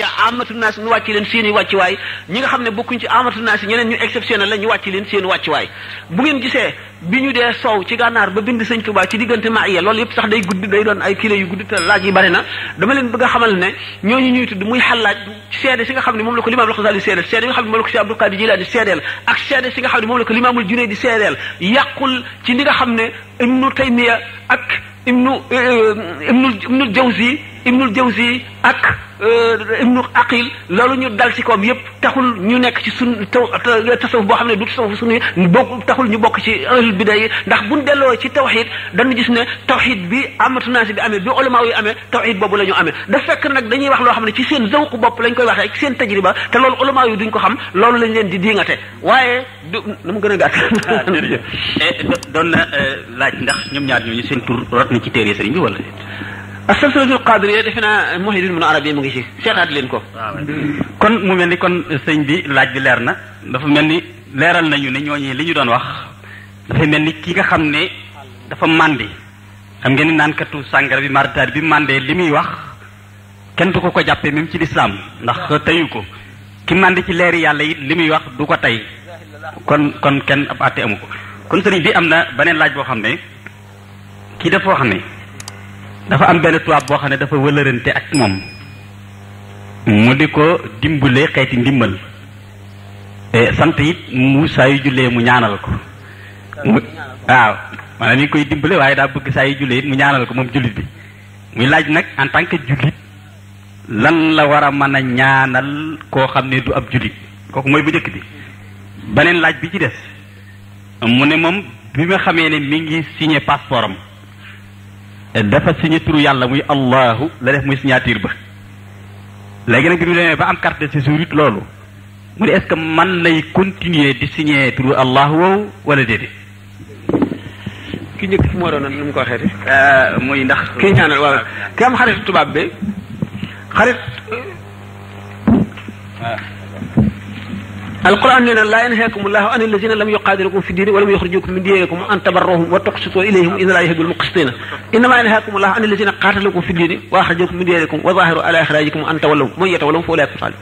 ca amatu naas ñu wàcc leen seen i wàccuwaay ñi nga xam ne bokkuñ ci amatu naas ñeneen ñu exceptionnel la ñu wàcc leen seen i wàccuwaay bu ngeen gisee bi ñu dee soow ci gànnaar ba bind sëñ Tuubaa ci diggante maaya loolu yëpp sax day gudd day doon ay kilo yu gudd te laaj yi bari na dama leen bëgg a xamal ne ñooñu ñuy tudd muy xalaaj seede si nga xam ne moom la ko limaamul Xasaali seedeel seede nga xam ne moom la ko si Abdul Qadir Jilaani seedeel nga xam ne moom la ko limaamul Junayd di seedeel yàqul ci li nga xam ne Ibnu Taymiya ak Ibnu Ibnu eh, eh, Ibnu Euh, ibnu aqil loolu ñu dal ci koom yëpp taxul ñu nekk ci sun taw tasawuf boo xam ne du tasawuf sunni bokk taxul ñu bokk ci ahlul bida yi ndax buñ delloo ci tawxid dañu gis ne tawxid bi amatu naasi bi amee bi ulama yi amee tawxid boobu la ñu amee da fekk nag dañuy wax loo xam ne ci seen zawq bopp lañ koy waxee ci seen tajriba te loolu ulama yi duñ ko xam loolu lañ leen di diingate waaye du na mu gën a gàtt ah, eh, doon na eh, laaj ndax ñoom ñaar ñooñu seen tur rot na ci téere ñu bi wala asalsalatul qadiriya defe naa Muhyiddin Ibn mu ngi ci seetaat leen ko. kon mu mel ni kon sëñ bi laaj bi leer na dafa mel ni leeral nañu ne ñooñu li ñu doon wax dafay mel ni ki nga xam ne dafa màndi xam ngeen ni naankatu sàngara bi maritaar bi màndee li muy wax kenn du ko ko jàppee même ci lislaam ndax teyu ko ki màndi ci leeri yàlla yi li muy wax du ko tey kon kon kenn ab àtte amu ko kon sëriñ bi am na beneen laaj boo xam ne kii dafa wax ne. dafa am benn tubaab boo xam ne dafa wëlërante ak moom mu di ko dimbale xeeti ndimmal e, sant it mu saa yu jullee mu ñaanal ko waaw maanaam mi ngi koy dimbale waaye daa bëgg saa yu jullee mu ñaanal ko moom jullit bi muy laaj nag en tant que jullit lan la war a mën a ñaanal koo xam ne du ab jullit kooku mooy bu njëkk bi beneen laaj bi ci des mu ne moom bi xamee ne mi ngi signé passeport am dafa signé yàlla muy allahu la def muy signature ba léegi nag bi mu demee ba am carte de séjour it loolu mu ne est man lay continuer di signé turu allahu woowu wala déedéet ki njëkk ki moo doon nu mu ko waxee de euh, muy ndax ki ñaanal ki am xarit tubaab bi xarit ah. القران لنا لا ينهاكم الله عن الذين لم يقاتلوكم في الدين ولم يخرجوكم من دينكم ان تبروهم وتقسطوا اليهم ان لا يهدوا المقسطين انما ينهاكم الله عن الذين قاتلوكم في الدين واخرجوكم من دينكم وظاهروا على اخراجكم ان تولوا من يتولوا فاولئك الظالمون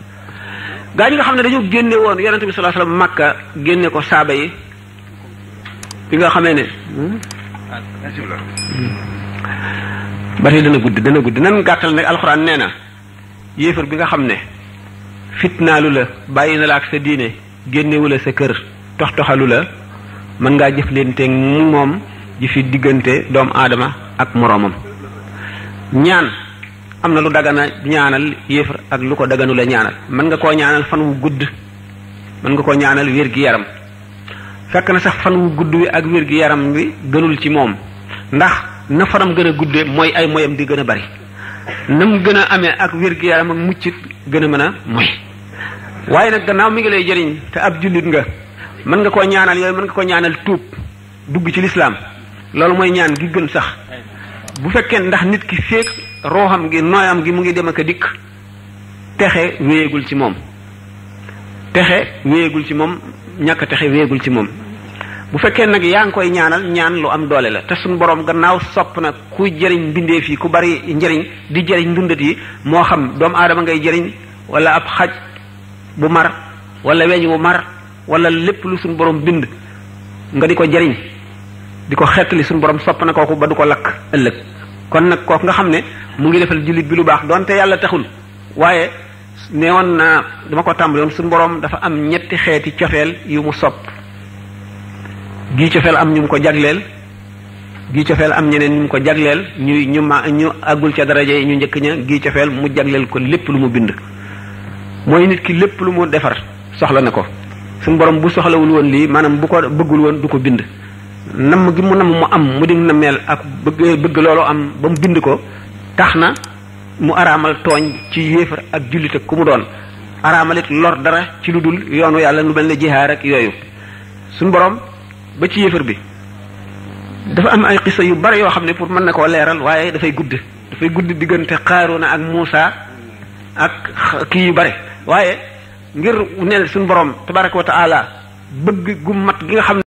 gaañu nga xamne dañu génné woon yaronte bi sallallahu alayhi wasallam makka génné ko saaba yi bi nga xamé né bari dana gudd dana gudd nan gàttal nag alquran nee na yéefar bi nga xam ne fitnaalu la bàyyi na la ak sa diine génnewu la sa kër tox toxalu la mën ngaa jëflanteeg moom ji fi diggante doomu aadama ak moroomam ñaan am na lu dagana ñaanal yéefar ak lu ko daganu la ñaanal mën nga koo ñaanal fan wu gudd mën nga koo ñaanal wér gi yaram fekk na sax fan wu gudd wi ak wér gi yaram wi gënul ci moom ndax na fanam gën a guddee mooy ay moyam di gën a bari na mu gën a amee ak wér-gu-yaram ak muccit gën a mën a moy waaye nag gannaaw mi ngi lay jariñ te ab jullit nga mën nga koo ñaanal yooyu mën nga koo ñaanal tuub dugg ci lislaam loolu mooy ñaan gi gën sax bu fekkee ndax nit ki féeg rooxam gi nooyam gi mu ngi dem ak dikk texe wéyegul ci moom texe wéyegul ci moom ñàkk texe wéyegul ci moom bu fekkee nag yaa ngi koy ñaanal ñaan lu am doole la te suñu boroom gannaaw sopp na ku jëriñ mbindeef yi ku bari njëriñ di jëriñ ndundat yi moo xam doomu aadama ngay jëriñ wala ab xaj bu mar wala weñ wu mar wala lépp lu suñ borom bind nga di ko jëriñ di ko xettali suñ borom sopp na kooku ba du ko lakk ëllëg kon nag kooku nga xam ne mu ngi defal jullit bi lu baax donte yàlla taxul waaye neewoon na dama ko tàmbaloon suñ borom dafa am ñetti xeeti cofeel yu sopp gii cofeel am ñu mu ko jagleel gii cofeel am ñeneen ñu mu ko jagleel ñuy ñu ma ñu àggul ca yi ñu njëkk ña gii cofeel mu jagleel ko lépp lu mu bind mooy nit ki lépp lu mu defar soxla na ko suñu borom bu soxlawul woon lii maanaam bu ko bëggul woon du ko bind nam gi mu namm mu am mu di nammeel ak bëgg bëgg loolu am ba mu bind ko tax na mu araamal tooñ ci yéefar ak jullit ku mu doon araamalit lor dara ci lu dul yoonu yàlla lu mel ne jihaar ak yooyu suñu ba ci yëfër bi dafa am ay xisa yu bare yoo xam ne pour mën na koo leeral waaye dafay gudd dafay gudd diggante na ak Muusa ak kii yu bari waaye ngir ne suñu borom tabaraka wa taala bëgg gu mat gi nga xam